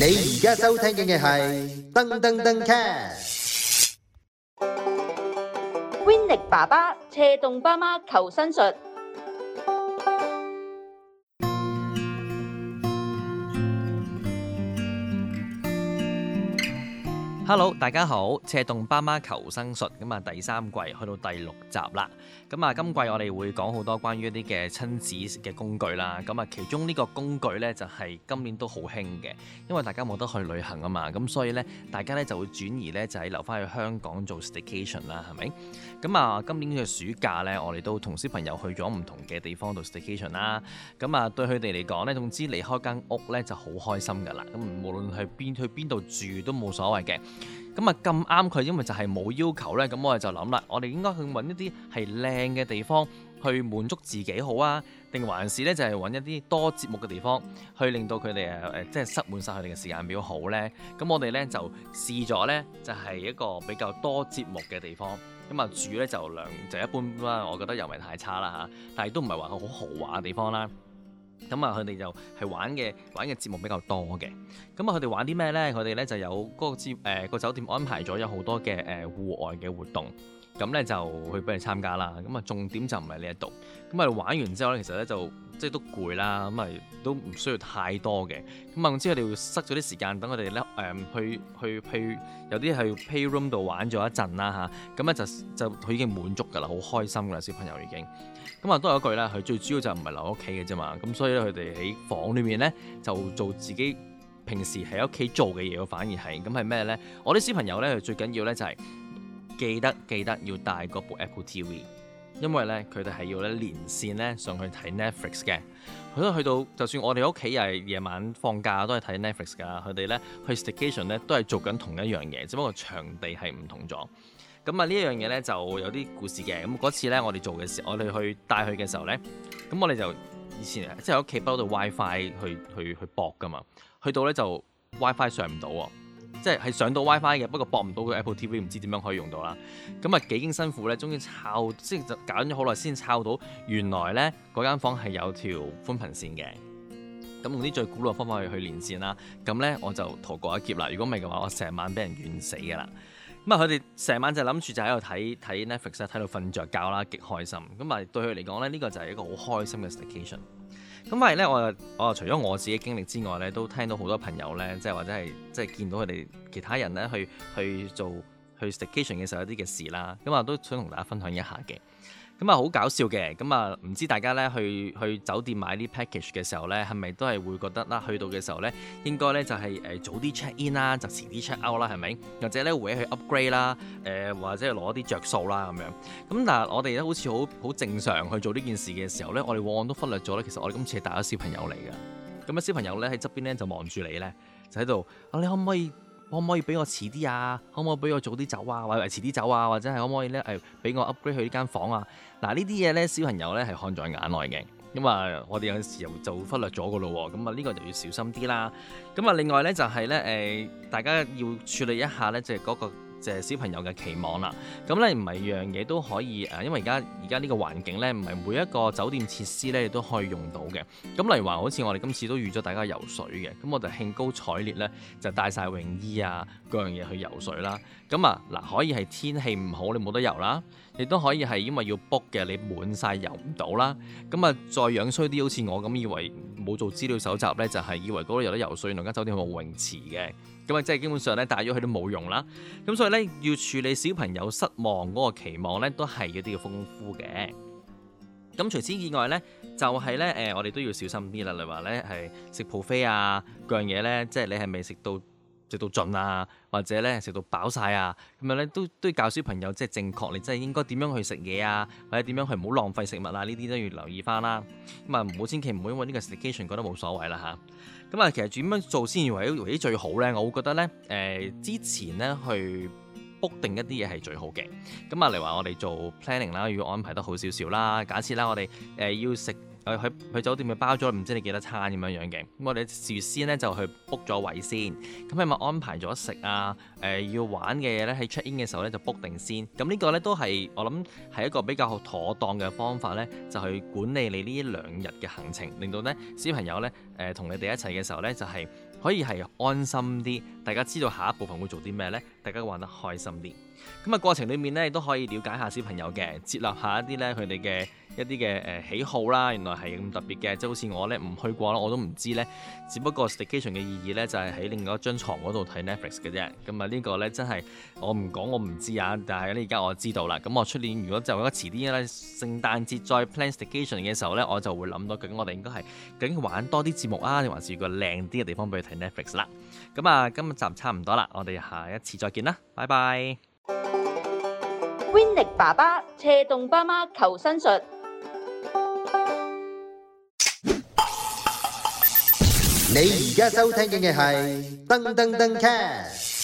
你而家收聽嘅係《噔噔噔 cast》，Winnie 爸爸，斜動爸媽求生術。Hello，大家好！赤洞爸媽求生術咁啊，第三季去到第六集啦。咁啊，今季我哋會講好多關於一啲嘅親子嘅工具啦。咁啊，其中呢個工具呢，就係、是、今年都好興嘅，因為大家冇得去旅行啊嘛。咁所以呢，大家呢就會轉移呢，就係留返去香港做 staycation 啦，係咪？咁啊，今年嘅暑假呢，我哋都同小朋友去咗唔同嘅地方度 staycation 啦。咁啊，對佢哋嚟講呢，總之離開間屋呢就好開心噶啦。咁無論係邊去邊度住都冇所謂嘅。咁啊，咁啱佢，因為就係冇要求咧，咁我哋就諗啦，我哋應該去揾一啲係靚嘅地方去滿足自己好啊，定還是咧就係揾一啲多節目嘅地方去令到佢哋誒誒即係塞滿曬佢哋嘅時間表好咧？咁我哋咧就試咗咧，就係一個比較多節目嘅地方咁啊，住咧就量就一般般啦，我覺得又唔係太差啦嚇，但係都唔係話好豪華嘅地方啦。咁啊，佢哋就係玩嘅玩嘅節目比較多嘅。咁啊，佢哋玩啲咩咧？佢哋咧就有嗰、個節誒、呃個、酒店安排咗有好多嘅誒戶外嘅活動，咁咧就去俾你參加啦。咁啊，重點就唔係呢一度。咁啊，玩完之後咧，其實咧就～即係都攰啦，咁咪都唔需要太多嘅。咁、嗯、啊，之後佢哋會塞咗啲時間等佢哋咧，誒、呃、去去去，有啲去 play room 度玩咗一陣啦吓，咁、啊、咧就就佢已經滿足噶啦，好開心噶啦，小朋友已經。咁啊都有一句啦，佢最主要就唔係留屋企嘅啫嘛。咁所以咧佢哋喺房裏面咧就做自己平時喺屋企做嘅嘢，反而係咁係咩咧？我啲小朋友咧最緊要咧就係記得記得要帶嗰部 Apple TV。因為咧，佢哋係要咧連線咧上去睇 Netflix 嘅。佢都去到，就算我哋屋企又係夜晚放假都係睇 Netflix 噶。佢哋咧去 Staycation 咧都係做緊同一樣嘢，只不過場地係唔同咗。咁啊，呢一樣嘢咧就有啲故事嘅。咁嗰次咧，我哋做嘅時，我哋去帶佢嘅時候咧，咁我哋就以前即係屋企不攞到 WiFi 去去去搏噶嘛。去到咧就 WiFi 上唔到喎。即係係上到 WiFi 嘅，不過博唔到個 Apple TV，唔知點樣可以用到啦。咁啊幾經辛苦咧，終於抄，即係就搞咗好耐，先抄到原來咧嗰間房係有條寬頻線嘅。咁用啲最古老嘅方法去連線啦。咁咧我就逃過一劫啦。如果唔係嘅話，我成晚俾人怨死㗎啦。咁啊，佢哋成晚就諗住就喺度睇睇 Netflix 睇到瞓着覺啦，極開心。咁啊，對佢嚟講咧，呢個就係一個好開心嘅 s 咁係咧，我我除咗我自己經歷之外咧，都聽到好多朋友咧，即係或者係即係見到佢哋其他人咧去去做去 Staycation 嘅時候一啲嘅事啦，咁、嗯、啊都想同大家分享一下嘅。咁啊，好、嗯、搞笑嘅咁啊，唔、嗯、知大家咧去去酒店買啲 package 嘅時候咧，係咪都係會覺得啦？去到嘅時候咧，應該咧就係、是、誒、呃、早啲 check in 啦，就遲啲 check out 啦，係咪？或者咧，會去 upgrade 啦，誒、呃、或者攞啲着數啦咁樣。咁、嗯、但係我哋咧好似好好正常去做呢件事嘅時候咧，我哋往往都忽略咗咧。其實我哋今次係帶咗小朋友嚟嘅。咁啊，小朋友咧喺側邊咧就望住你咧，就喺度啊，你可唔可以？可唔可以俾我遲啲啊？可唔可以俾我早啲走啊？或者遲啲走啊？或者係可唔可以咧、誒俾我 upgrade 去呢間房啊？嗱，呢啲嘢咧小朋友咧係看在眼內嘅，咁啊，我哋有陣時又就忽略咗個咯喎，咁啊，呢個就要小心啲啦。咁啊，另外咧就係咧誒，大家要處理一下咧，就係嗰個。就係小朋友嘅期望啦。咁咧唔係樣嘢都可以誒，因為而家而家呢個環境咧，唔係每一個酒店設施咧，都可以用到嘅。咁例如話，好似我哋今次都預咗大家游水嘅，咁我就興高采烈咧就帶晒泳衣啊各樣嘢去游水啦。咁啊嗱，可以係天氣唔好你冇得游啦，亦都可以係因為要 book 嘅你滿晒游唔到啦。咁啊再樣衰啲，好似我咁以為冇做資料搜集咧，就係以為嗰度有得游水，原來間酒店冇泳池嘅。咁啊即係基本上咧帶咗去都冇用啦。咁所以要處理小朋友失望嗰個期望咧，都係一啲叫豐富嘅。咁除此以外咧，就係咧誒，我哋都要小心啲啦。例如話咧，係食 buffet 啊，嗰樣嘢咧，即係你係咪食到食到盡啊，或者咧食到飽晒啊，咁啊咧都都要教小朋友即係正確，你即係應該點樣去食嘢啊，或者點樣去唔好浪費食物啊，呢啲都要留意翻啦。咁啊，唔好千祈唔好因為呢個 staycation 覺得冇所謂啦嚇。咁啊，其實點樣做先為為之最好咧？我會覺得咧，誒、呃、之前咧去 book 定一啲嘢係最好嘅。咁、呃、啊，例如話我哋做 planning 啦，要安排得好少少啦。假設啦，我哋誒要食。去去酒店咪包咗，唔知你幾多餐咁樣樣嘅。咁我哋事先呢，就去 book 咗位先。咁係咪安排咗食啊？誒、呃、要玩嘅嘢咧，喺 check in 嘅時候咧就 book 定先。咁呢個咧都係我諗係一個比較妥當嘅方法咧，就去管理你呢一兩日嘅行程，令到呢小朋友咧誒同你哋一齊嘅時候咧就係、是、可以係安心啲。大家知道下一部分會做啲咩咧，大家玩得開心啲。咁啊，過程裏面咧，亦都可以了解下小朋友嘅，接納下一啲咧佢哋嘅一啲嘅誒喜好啦。原來係咁特別嘅，即好似我咧唔去過咯，我都唔知咧。只不過 Staycation 嘅意義咧就係喺另外一張床嗰度睇 Netflix 嘅啫。咁、嗯、啊，呢、這個咧真係我唔講我唔知啊，但係咧而家我知道啦。咁我出年如果就遲啲咧聖誕節再 plan Staycation 嘅時候咧，我就會諗到究竟我哋應該係究竟玩多啲節目啊，定還是個靚啲嘅地方俾佢睇 Netflix 啦。咁、嗯、啊，今日集差唔多啦，我哋下一次再見啦，拜拜。威力爸爸斜動爸媽求生術，你而家收聽緊嘅係噔噔噔 cast。